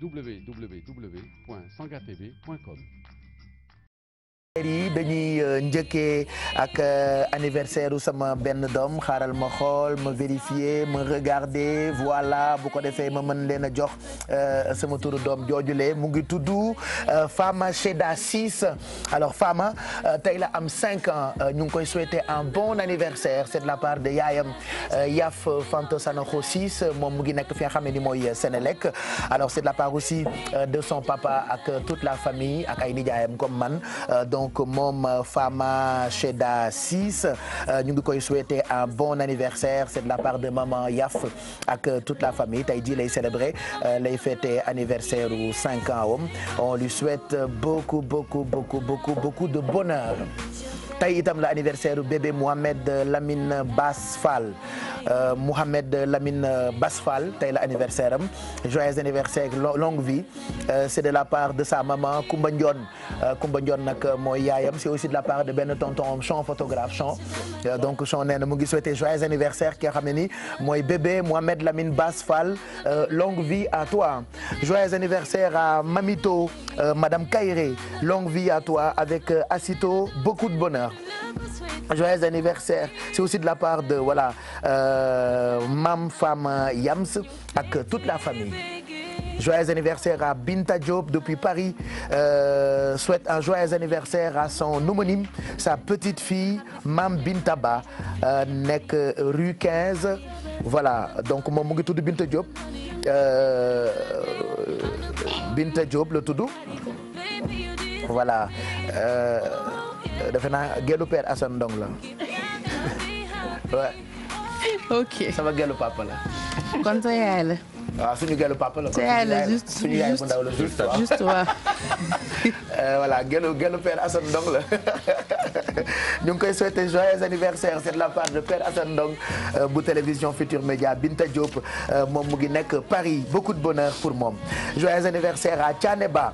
www.sangatv.com. dañuy euh, njëkkee ak euh, anniversaire u sama benn doom xaaral ma xool ma vérifier ma regarder voilà bu ko defee ma mën leen a jox euh, sama turu doom joojule mu ngi tudd Fama Cheda 6 alors Fama tey la am 5 ans ñu ngi koy souhaiter un bon anniversaire c'est de la part de yaayam Yaf Fanto Sanokho 6 moom mu ngi nekk fi nga xam ne ni mooy Sénélec alors c'est de la part aussi de son papa ak toute la famille ak ay nijaayam kom man moom euh, Fama Cheda 6 euh, ñu ngi koy souhaiter un bon anniversaire c'est de la part de maman Yaf ak euh, toute la famille tey jii lay célébrer lay fêter anniversaire ou la anniversaire bébé Mohamed Lamine Bass Fall euh, Mohamed Lamine Bass Fall tey la anniversaire am anniversaire longue vie c'est de la part de sa maman Koumba Ndione euh, Koumba Ndione Diem c'est aussi de la part de benn tonton Chant photographe Chant euh, donc Chant nee na mu ngi souhaité joyeux anniversaire ki nga xam ne ni mooy bébé Mohamed Lamine Bass Fall euh, longue vie à toi joyeux anniversaire à Mamito euh, Madame Kairé longue vie à toi avec Asito beaucoup de bonheur joyeux anniversaire c'est aussi de la part de voilà Mam Femme Yams ak toute la famille Joyeux anniversaire à Binta Diop depuis Paris euh, souhaite un joyeux anniversaire à son homonyme sa petite fille Mam Bintaba euh, nekk rue 15 voilà donc moom mu ngi tudd Binta Diop euh, Binta Diop la tudd voilà euh, defe naa gelu père Assane Ndong la ouais. ok la. waaw ah, suñu gelu papa la. suñu yaay bu ndaw la juste juste waaw. Euh, voilà gelu gelu père Assane Ndong la ñu ngi koy souhaiter joyeux anniversaire c'est de la part de père Assane Ndong euh, bu télévision Futur Média Binta Diop euh, moom mu ngi nekk Paris beaucoup de bonheur pour moom. joyeux anniversaire à Thianeba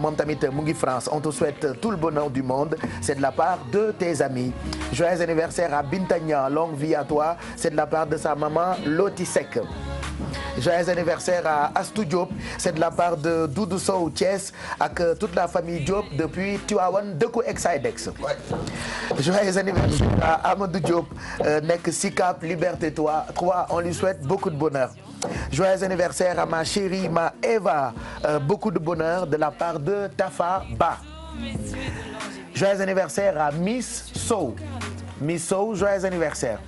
moom tamit mu ngi France on te souhaite tout le bonheur du monde c'est de la part de tes amis joyeux anniversaire à Bintagna longue vie à toi c'est de la part de sa maman Loti Seck. joyeux anniversaire à Astou Diop c'est de la part de Doudou Sow Thiès ak euh, toute la famille Diop depuis Tivaouane dëkku Exidex joyeux anniversaire à Amadou Diop euh, nekk Sicap Liberté 3 3 on lui souhaite beaucoup de bonheur joyeux anniversaire à ma chérie ma Eva euh, beaucoup de bonheur de la part de Tafa Ba joyeux anniversaire à Miss Sow Miss Sow joyeux anniversaire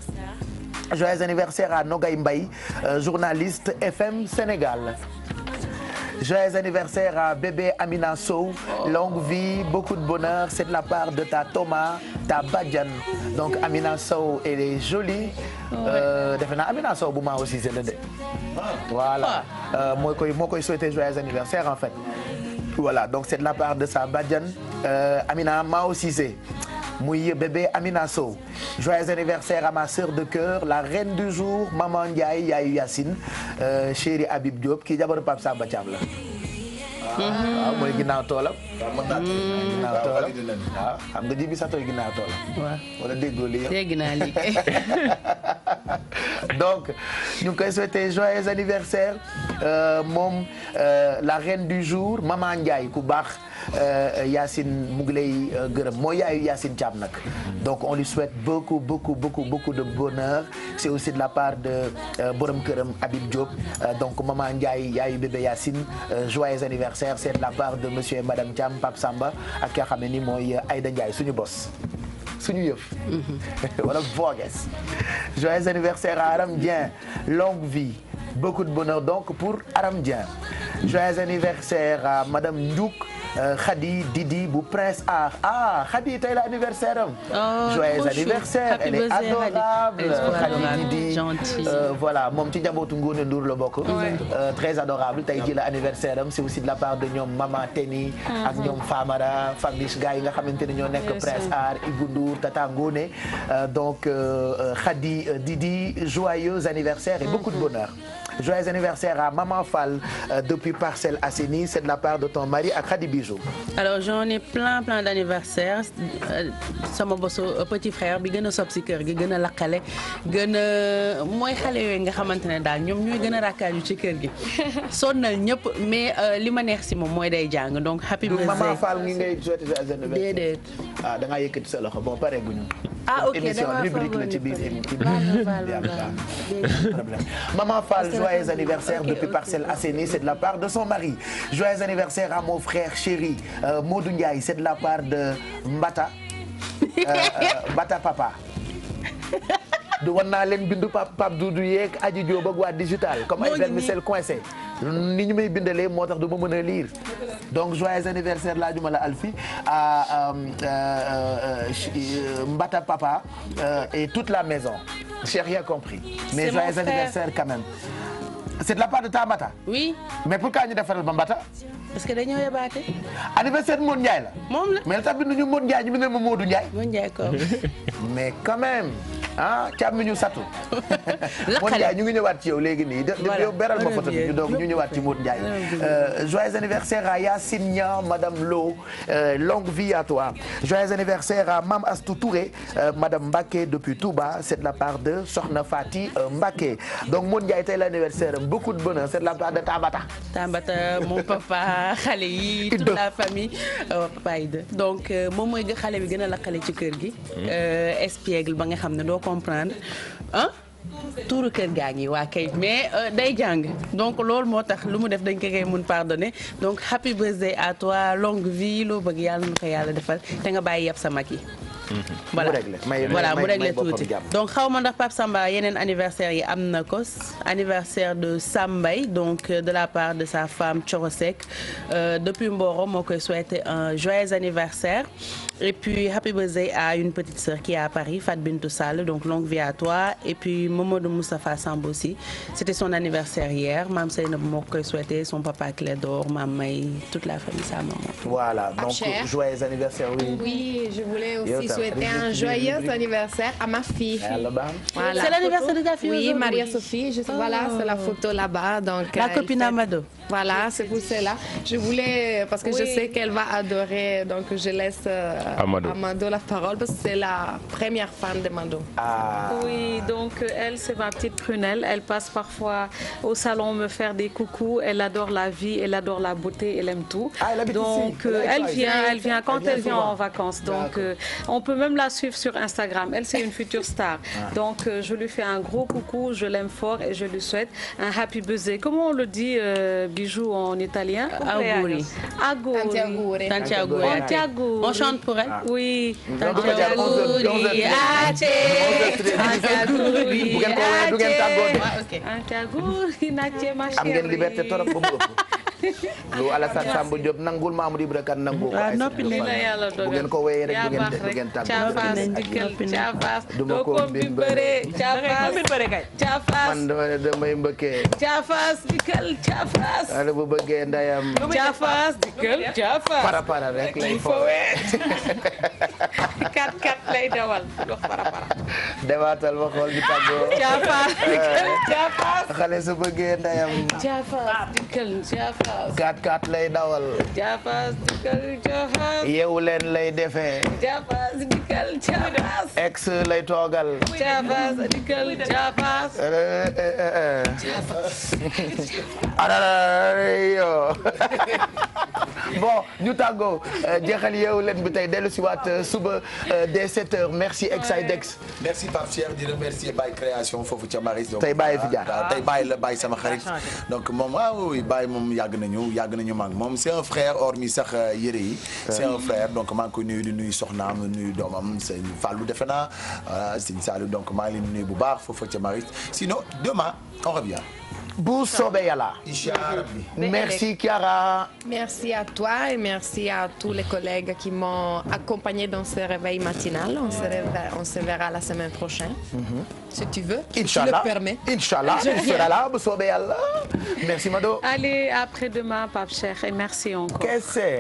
joyeux anniversaire à Nogay Mbaye euh, journaliste FM Sénégal joyeux anniversaire à bébé Amina Sow longue vie beaucoup de bonheur c'est de la part de ta Thomas ta Badiane donc Amina Sow elle jolie euh, defe Amina Sow bu ma aussi c'est le dé voilà ah. euh, moo koy moo koy anniversaire en fait voilà donc c'est de la part de sa Badiane Amina Mao Cissé muy bébé Amina Sow joyeux anniversaire à ma de cœur la reine du jour maman Ndiaye yaayu Yacine euh, chéri Habib Diop kii jabaru Pape Samba Thiam la am mhm. ah, mooy ginnaaw toolam. Mhm. ginnaaw toolam waaw ah, xam nga ji gi sa tooy ginnaaw toolam. wala déggoo lii yëpp lii donc ñu ngi koy souhaiter joyeux anniversaire euh, moom euh, la reine du jour maman Ndiaye ku baax euh, Yacine mu ngi lay euh, gërëm moo yaayu Yacine Thiam nag. donc on lui souhaite beaucoup beaucoup beaucoup beaucoup de bonheur c'est aussi de la part de euh, borom këram Habib Diop euh, donc maman Ndiaye yaayu bébé Yacine joyeux anniversaire c'est de la part de monsieur et madame Thiam Pape Samba a ki nga xam ne ni mooy Aïda Ndiaye suñu bos. suñu yëf mhm. wala Vogues joyeux anniversaire à Aram Dieng longue vie beaucoup de bonheur donc pour Aram Dieng joyeux anniversaire à madame Ndiouk Euh, Khady Didi bu Prince Art ah Khady tey la anniversaire am. Oh, anniversaire elle adorable Khady Didi euh, voilà moom ci njabootu Ngoné Ndour la bokk. Euh, très adorable tey jii la anniversaire am c'est aussi de la part de ñoom Mama Teni. Uh-huh. ak ñoom Famara Fabrice gars yi nga xamante ni ñoo nekk Prince Art Ibou Ndour Tata Ngoné donc Khady Didi joyeux anniversaire et beaucoup de mm-hmm. bonheur. joyeux anniversaire à Maman Fall euh, depuis Parcelles Assainies c'est de la part de ton mari ak Khady Bijou. alors j'en ai plein plein d'anniversaire euh, sama bosu euh, petit frère bi gën a sob si kër gi gën a lakkale gën a mooy xale yooyu nga xamante ne daal ñoom ñooy gën a rakkaaju ci kër gi sonnal ñëpp mais euh, li ma neex si moom mooy day jàng donc happy birthday. Maman Fall ngi ngay souhaiter joyeux anniversaire. déedéet ah da ngaa yëkkati sa loxo bon pare guñu. ah émission rubrique la ci biir ci biir maman Fall joyeux anniversaire depuis Parcelles Assainies c'est de la part de son mari joyeux anniversaire à mon frère chéri euh, Modou c'est de la part de Mbata euh, euh, Mbata papa du wan naa leen bindu Pape Pape Doudou yeeg aji Diop ak waa digital. comme ay vermicelle coincé. ni ñu may bindalee moo tax du ma mën a lire. donc joyeux anniversaire laa juma la Alfi à euh, euh, Mbata Papa euh, et toute la maison. j'ai rien compris. mais joyeux anniversaire quand même. c'est de la part de ta Mbata. oui. mais pourquoi ñu defaral ba Mbata. parce que dañoo yebaate. anniversaire Modou Ndiaye la. mais la tax ñu bindal ma mais quand même. ah càmmiñu satu Modou Ndiaye ñu ngi ñëwaat ci yow léegi nii yow beral ma photo ñu doog ñu ñëwaat ci Modou Ndiaye ah, euh, joyeux anniversaire à Yacine Niang madame Lo euh, longue vie à toi joyeux anniversaire à Mame Astou Touré euh, madame Mbacké depuis Touba c'est la part de soxna Fati Mbacké donc Modou Ndiaye te l'anniversaire beaucoup de bonheur c'est de la part de Tabata Tabata mon papa xale yi toute la famille donc moom mooy xale bi gën a lakkale ci kër gi hmm. espiègle ba nga xam ne doo comprendre ah tuuru kër gaa ngi waa kay mais euh, day jàng donc loolu moo tax lu mu def dañ ko koy mun pardonner donc happy birthday à toi longue vie loo bëgg yàlla nu ko yàlla defal te nga bàyyi yàpp sa mag yi voilà voilà mu réglé tuuti donc Samba yeneen anniversaire yi am na ko anniversaire de Sambay donc euh, de la part de sa femme Thioro euh, depuis Mboro moo koy souhaité un joyeux anniversaire et puis happy birthday à une petite sœur qui est à Paris Fat Bintou Sall donc longue vie à toi et puis Mamadou Moustapha Samb aussi c'était son anniversaire hier maam Seynabou moo koy souhaité son papa Clédor maam May toute la famille sa maman. voilà joyeux anniversaire oui. oui je voulais aussi souhaiter un joyeux anniversaire à ma fille. Voilà. C'est l'anniversaire de ta fille Oui, Maria-Sophie. Juste, oh. Voilà, c'est la oh. photo là-bas. Donc, la euh, copine Amado. Voilà, c'est pour cela. Je voulais, parce que oui. je sais qu'elle va adorer, donc je laisse euh, Amado. la parole, parce que c'est la première fan de Mando. Ah. donc euh, elle, c'est ma petite prunelle. parfois au salon me faire des coucous. Elle adore la vie, elle adore la beauté, elle aime tout. Ah, elle donc euh, vient, quand elle vient, en vacances. Donc euh, on peut même la suivre sur Instagram. Elle, c'est une future star. Ah. Donc je lui fais un gros coucou, je l'aime fort et je lui souhaite un happy buzzer. Comment on le dit du jour en italien ah. Auguri. Auguri. Tanti auguri. Tanti auguri. On chante pour elle ah. Oui. Mm. Tanti auguri. Tanti auguri. Tanti auguri. Tanti auguri. lu Alassane Samba Diop nangul Mamadou Ibra Kane nangu ko ah, noppi nañ la yàlla dogal bu du ngeen du ngeen tàmm ndayam para para rek lay fowee kat lay dawal dox para para dawaatal ma xool bi tàggoo caafaas dikkal euh, caafaas xale su ndayam caafaas kat kat lay dawal. jaafaas dikal jaafaas. yeewu leen lay defee. jaafaas dikal jaafaas. ex lay toogal. jaafaas dikal jaafaas. jaafaas. bon ñu tàggoo euh, jeexal yeewu leen bi tey dellu si waat euh, suba euh, dès 7h merci Exidex. merci Pape Cheikh di remercier Baye création foofu ca Maris. donc tey Baye fi ah, jaar tey Baye la Baye sama xarit. donc moom ah oui Baye moom yàgg nañu yàgg nañu mag moom c' est un frère hormis sax yére yi. c' est un frère donc maa ngi koy nuyu di nuyu Soxnaam nuyu doomam sëñ Fallou defe naa voilà sëñ donc maa ngi leen nuyu bu baax foofu ca Maris sinon demain on revient. bu soobee yàlla. merci Chiara. merci à toi et merci à tous les collègues qui m'ont accompagné dans ce se réveille, on la semaine prochaine. Mm -hmm. si tu veux. Inch'Allah si tu le permets. Inch'Allah je serai là bu soobee yàlla. merci Mado. allez après-demain Pape Cheikh et merci encore. kese.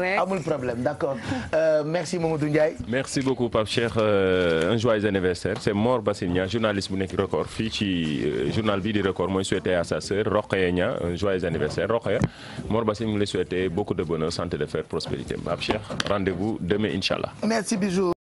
rek amul problème d'accord euh, merci Mamadou Ndiaye. merci beaucoup Pape Cheikh euh, un joyeux anniversaire c'est Mor Bassigna journaliste bu nekk record fii ci euh, journal bi di record mooy souhaité à sa sœur Rokhaya Nia un joyeux anniversaire mu lay souhaiter beaucoup de bonheur santé de fer prospérité Pape Cheikh rendez-vous demain incha allah.